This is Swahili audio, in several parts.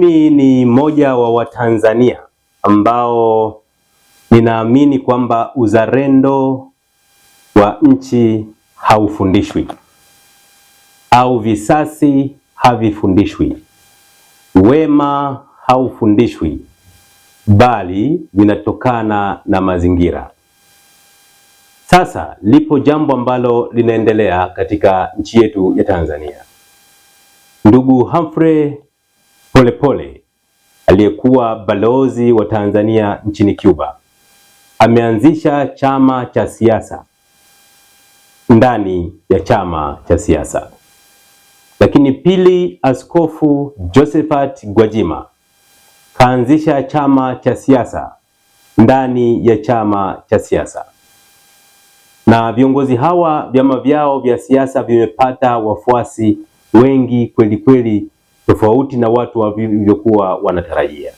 Mimi ni mmoja wa Watanzania ambao ninaamini kwamba uzalendo wa nchi haufundishwi au visasi havifundishwi, wema haufundishwi, bali vinatokana na mazingira. Sasa lipo jambo ambalo linaendelea katika nchi yetu ya Tanzania. Ndugu Humphrey Polepole aliyekuwa balozi wa Tanzania nchini Cuba ameanzisha chama cha siasa ndani ya chama cha siasa. Lakini pili, Askofu Josephat Gwajima kaanzisha chama cha siasa ndani ya chama cha siasa, na viongozi hawa vyama vyao vya siasa vimepata wafuasi wengi kweli kweli tofauti na watu walivyokuwa wanatarajia.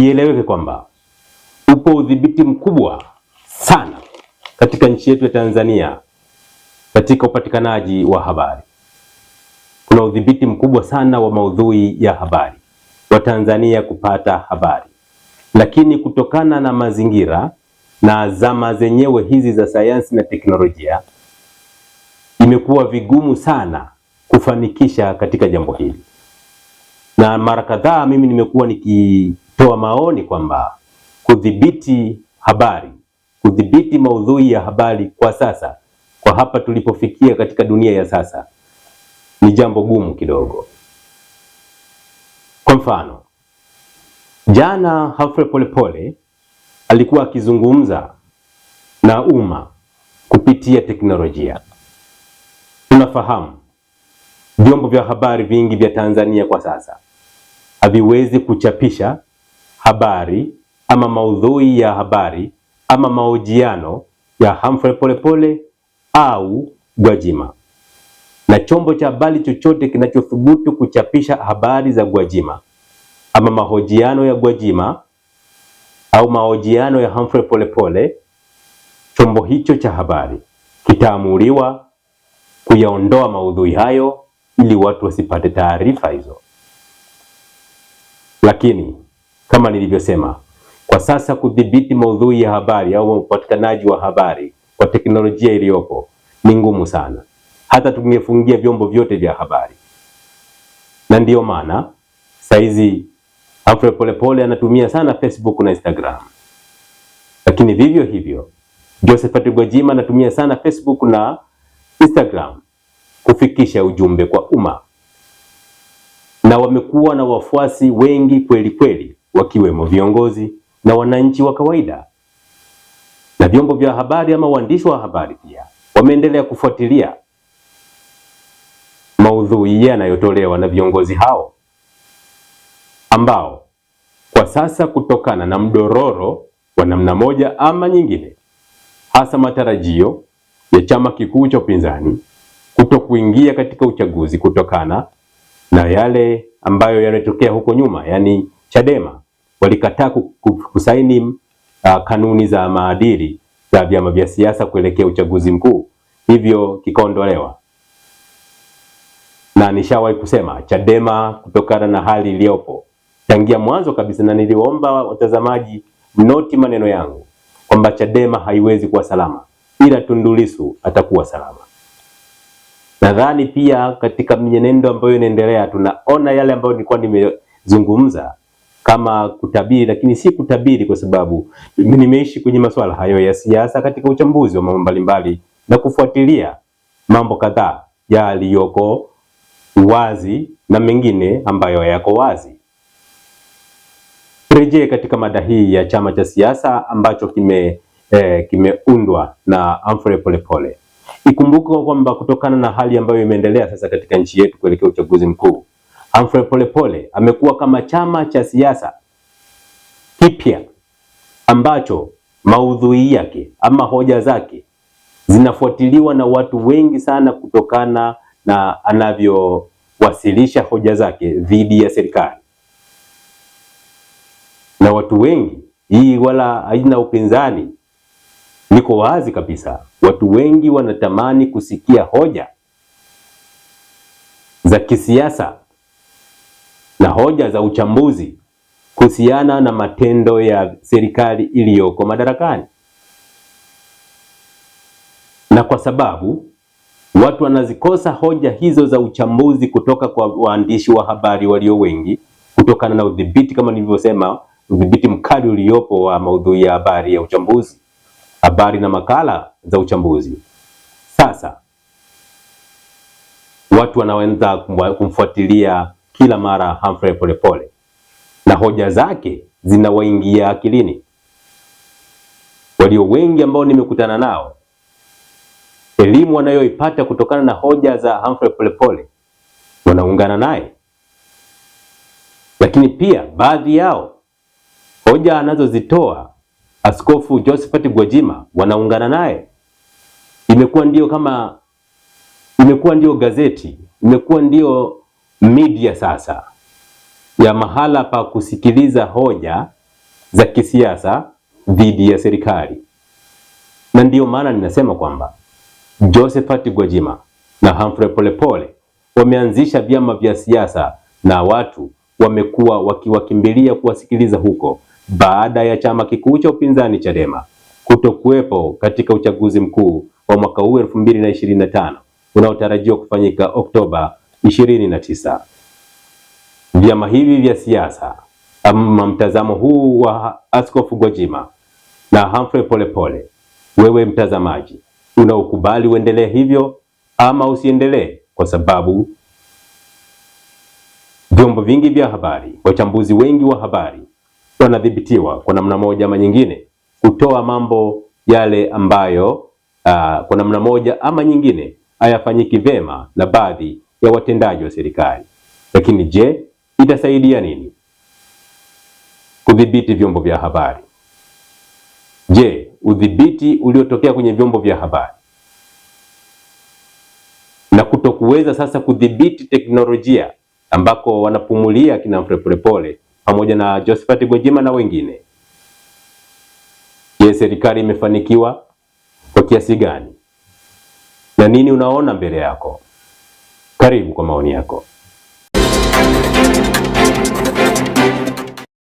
Ieleweke kwamba upo udhibiti mkubwa sana katika nchi yetu ya Tanzania katika upatikanaji wa habari. Kuna udhibiti mkubwa sana wa maudhui ya habari, wa Tanzania kupata habari, lakini kutokana na mazingira na zama zenyewe hizi za sayansi na teknolojia, imekuwa vigumu sana kufanikisha katika jambo hili, na mara kadhaa mimi nimekuwa nikitoa maoni kwamba kudhibiti habari, kudhibiti maudhui ya habari kwa sasa, kwa hapa tulipofikia katika dunia ya sasa, ni jambo gumu kidogo. Kwa mfano, jana Humphrey Polepole alikuwa akizungumza na umma kupitia teknolojia. Tunafahamu vyombo vya habari vingi vya Tanzania kwa sasa haviwezi kuchapisha habari ama maudhui ya habari ama mahojiano ya Humphrey Polepole au Gwajima, na chombo cha habari chochote kinachothubutu kuchapisha habari za Gwajima ama mahojiano ya Gwajima au mahojiano ya Humphrey Polepole, chombo hicho cha habari kitaamuliwa kuyaondoa maudhui hayo ili watu wasipate taarifa hizo. Lakini kama nilivyosema, kwa sasa kudhibiti maudhui ya habari au upatikanaji wa habari kwa teknolojia iliyopo ni ngumu sana, hata tungefungia vyombo vyote vya habari. Na ndiyo maana saizi Humphrey Polepole anatumia sana Facebook na Instagram, lakini vivyo hivyo Josephat Gwajima anatumia sana Facebook na Instagram kufikisha ujumbe kwa umma, na wamekuwa na wafuasi wengi kweli kweli, wakiwemo viongozi na wananchi wa kawaida. Na vyombo vya habari ama waandishi wa habari pia wameendelea kufuatilia maudhui yanayotolewa na viongozi hao ambao kwa sasa kutokana na mdororo wa namna moja ama nyingine, hasa matarajio ya chama kikuu cha upinzani kuto kuingia katika uchaguzi kutokana na yale ambayo yametokea huko nyuma, yani Chadema walikataa kusaini uh, kanuni za maadili za vyama vya siasa kuelekea uchaguzi mkuu, hivyo kikaondolewa. Na nishawahi kusema Chadema kutokana na hali iliyopo tangia mwanzo kabisa, na niliomba watazamaji mnoti maneno yangu kwamba Chadema haiwezi kuwa salama, ila Tundu Lissu atakuwa salama. Nadhani pia katika mwenendo ambayo inaendelea, tunaona yale ambayo nilikuwa nimezungumza kama kutabiri, lakini si kutabiri, kwa sababu nimeishi kwenye masuala hayo ya siasa katika uchambuzi wa mambo mbalimbali na kufuatilia mambo kadhaa yaliyoko wazi na mengine ambayo yako wazi. Turejee katika mada hii ya chama cha siasa ambacho kime eh, kimeundwa na Humphrey Polepole. Ikumbuke kwamba kutokana na hali ambayo imeendelea sasa katika nchi yetu kuelekea uchaguzi mkuu, Humphrey Polepole amekuwa kama chama cha siasa kipya ambacho maudhui yake ama hoja zake zinafuatiliwa na watu wengi sana kutokana na anavyowasilisha hoja zake dhidi ya serikali na watu wengi, hii wala haina upinzani Niko wazi kabisa, watu wengi wanatamani kusikia hoja za kisiasa na hoja za uchambuzi kuhusiana na matendo ya serikali iliyoko madarakani, na kwa sababu watu wanazikosa hoja hizo za uchambuzi kutoka kwa waandishi wa habari walio wengi, kutokana na udhibiti, kama nilivyosema, udhibiti mkali uliopo wa maudhui ya habari ya uchambuzi habari na makala za uchambuzi. Sasa watu wanaweza kumfuatilia kila mara Humphrey Polepole na hoja zake zinawaingia akilini. Walio wengi ambao nimekutana nao, elimu wanayoipata kutokana na hoja za Humphrey Polepole wanaungana naye, lakini pia baadhi yao hoja anazozitoa Askofu Josephat Gwajima wanaungana naye, imekuwa ndio kama imekuwa ndio gazeti, imekuwa ndio media sasa ya mahala pa kusikiliza hoja za kisiasa dhidi ya serikali, na ndiyo maana ninasema kwamba Josephat Gwajima na Humphrey Polepole wameanzisha vyama vya siasa na watu wamekuwa wakiwakimbilia kuwasikiliza huko baada ya chama kikuu cha upinzani Chadema kutokuwepo katika uchaguzi mkuu wa mwaka huu 2025 unaotarajiwa kufanyika Oktoba 29. Vyama hivi vya siasa ama mtazamo huu wa Askofu Gwajima na Humphrey Polepole, wewe mtazamaji, unaukubali uendelee hivyo ama usiendelee? Kwa sababu vyombo vingi vya habari, wachambuzi wengi wa habari wanadhibitiwa kwa namna moja ama nyingine kutoa mambo yale ambayo uh, kwa namna moja ama nyingine hayafanyiki vyema na baadhi ya watendaji wa serikali. Lakini je, itasaidia nini kudhibiti vyombo vya habari? Je, udhibiti uliotokea kwenye vyombo vya habari na kutokuweza sasa kudhibiti teknolojia ambako wanapumulia kina Polepole pamoja na Josephat Gwajima na wengine. Je, serikali imefanikiwa kwa kiasi gani na nini unaona mbele yako? Karibu kwa maoni yako.